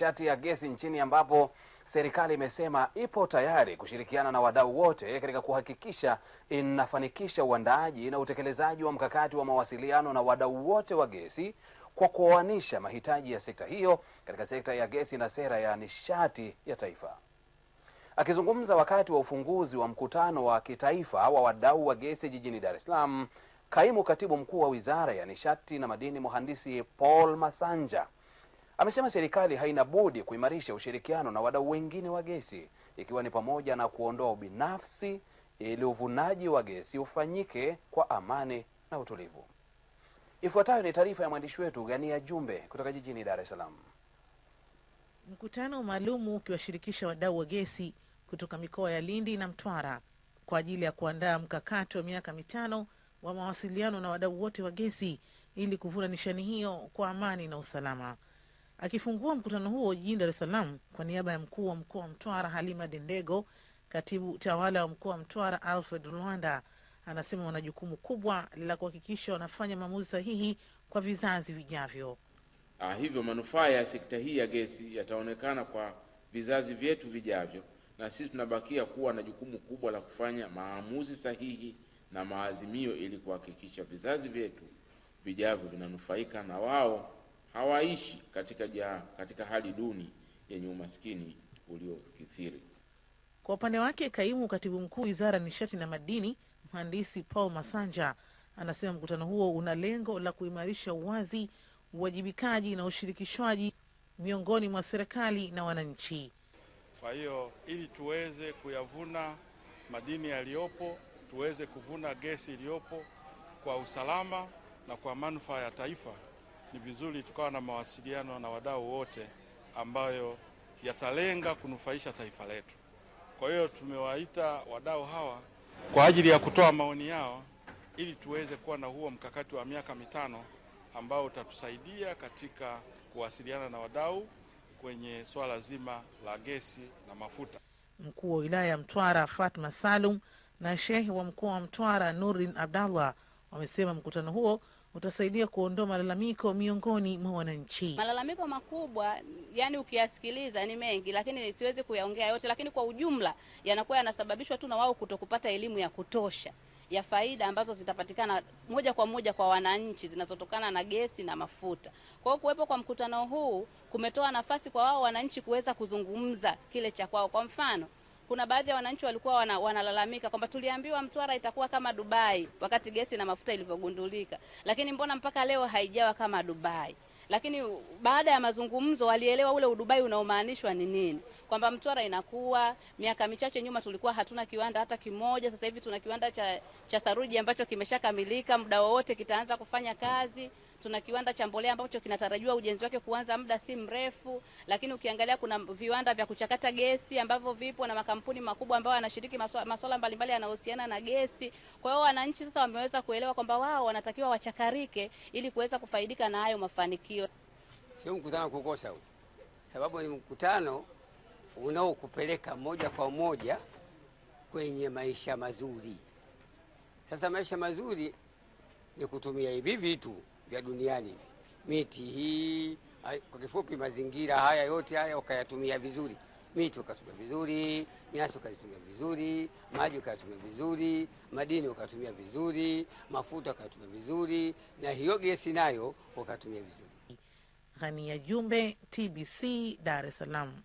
nishati ya gesi nchini ambapo serikali imesema ipo tayari kushirikiana na wadau wote katika kuhakikisha inafanikisha uandaaji na utekelezaji wa mkakati wa mawasiliano na wadau wote wa gesi kwa kuoanisha mahitaji ya sekta hiyo katika sekta ya gesi na sera ya nishati ya taifa. Akizungumza wakati wa ufunguzi wa mkutano wa kitaifa wa wadau wa gesi jijini Dar es Salaam, kaimu katibu mkuu wa Wizara ya Nishati na Madini, Mhandisi Paul Masanja Amesema serikali haina budi kuimarisha ushirikiano na wadau wengine wa gesi ikiwa ni pamoja na kuondoa ubinafsi ili uvunaji wa gesi ufanyike kwa amani na utulivu. Ifuatayo ni taarifa ya mwandishi wetu Gania Jumbe kutoka jijini Dar es Salaam. Mkutano maalumu ukiwashirikisha wadau wa gesi kutoka mikoa ya Lindi na Mtwara kwa ajili ya kuandaa mkakati wa miaka mitano wa mawasiliano na wadau wote wa gesi ili kuvuna nishani hiyo kwa amani na usalama. Akifungua mkutano huo jijini Dar es Salaam kwa niaba ya mkuu wa mkoa wa Mtwara Halima Dendego, katibu tawala wa mkoa wa Mtwara Alfred Lwanda anasema wana jukumu kubwa la kuhakikisha wanafanya maamuzi sahihi kwa vizazi vijavyo. Ah, hivyo manufaa ya sekta hii ya gesi yataonekana kwa vizazi vyetu vijavyo, na sisi tunabakia kuwa na jukumu kubwa la kufanya maamuzi sahihi na maazimio ili kuhakikisha vizazi vyetu vijavyo vinanufaika na wao hawaishi katika, ja, katika hali duni yenye umaskini uliokithiri. Kwa upande wake kaimu katibu mkuu wizara ya nishati na madini mhandisi Paul Masanja anasema mkutano huo una lengo la kuimarisha uwazi, uwajibikaji na ushirikishwaji miongoni mwa serikali na wananchi. Kwa hiyo ili tuweze kuyavuna madini yaliyopo, tuweze kuvuna gesi iliyopo kwa usalama na kwa manufaa ya taifa ni vizuri tukawa na mawasiliano na wadau wote ambayo yatalenga kunufaisha taifa letu. Kwa hiyo tumewaita wadau hawa kwa ajili ya kutoa maoni yao ili tuweze kuwa na huo mkakati wa miaka mitano ambao utatusaidia katika kuwasiliana na wadau kwenye swala zima la gesi na mafuta. Mkuu wa wilaya ya Mtwara Fatma Salum na shehe wa mkoa wa Mtwara Nurin Abdallah wamesema mkutano huo utasaidia kuondoa malalamiko miongoni mwa wananchi. Malalamiko makubwa, yani ukiyasikiliza ni mengi, lakini siwezi kuyaongea yote, lakini kwa ujumla yanakuwa yanasababishwa tu na wao kutokupata elimu ya kutosha ya faida ambazo zitapatikana moja kwa moja kwa wananchi zinazotokana na gesi na mafuta. Kwa hiyo kuwepo kwa mkutano huu kumetoa nafasi kwa wao wananchi kuweza kuzungumza kile cha kwao. Kwa mfano kuna baadhi ya wananchi walikuwa wana, wanalalamika kwamba tuliambiwa Mtwara itakuwa kama Dubai wakati gesi na mafuta ilivyogundulika, lakini mbona mpaka leo haijawa kama Dubai? Lakini baada ya mazungumzo walielewa ule udubai unaomaanishwa ni nini, kwamba Mtwara inakuwa. Miaka michache nyuma tulikuwa hatuna kiwanda hata kimoja, sasa hivi tuna kiwanda cha, cha saruji ambacho kimeshakamilika, muda wowote kitaanza kufanya kazi tuna kiwanda cha mbolea ambacho kinatarajiwa ujenzi wake kuanza muda si mrefu, lakini ukiangalia kuna viwanda vya kuchakata gesi ambavyo vipo na makampuni makubwa ambayo yanashiriki masuala mbalimbali yanayohusiana na gesi. Kwa hiyo wananchi sasa wameweza kuelewa kwamba wao wanatakiwa wachakarike ili kuweza kufaidika na hayo mafanikio. Sio mkutano kukosa huu, sababu ni mkutano unaokupeleka moja kwa moja kwenye maisha mazuri. Sasa maisha mazuri ni kutumia hivi vitu vya duniani hivi, miti hii, kwa kifupi, mazingira haya yote haya ukayatumia vizuri, miti ukatumia vizuri, nyasi ukazitumia vizuri, maji ukayatumia vizuri, madini ukatumia vizuri, mafuta ukayatumia vizuri, na hiyo gesi nayo ukatumia vizuri. ghania Jumbe, TBC, Dar es Salaam.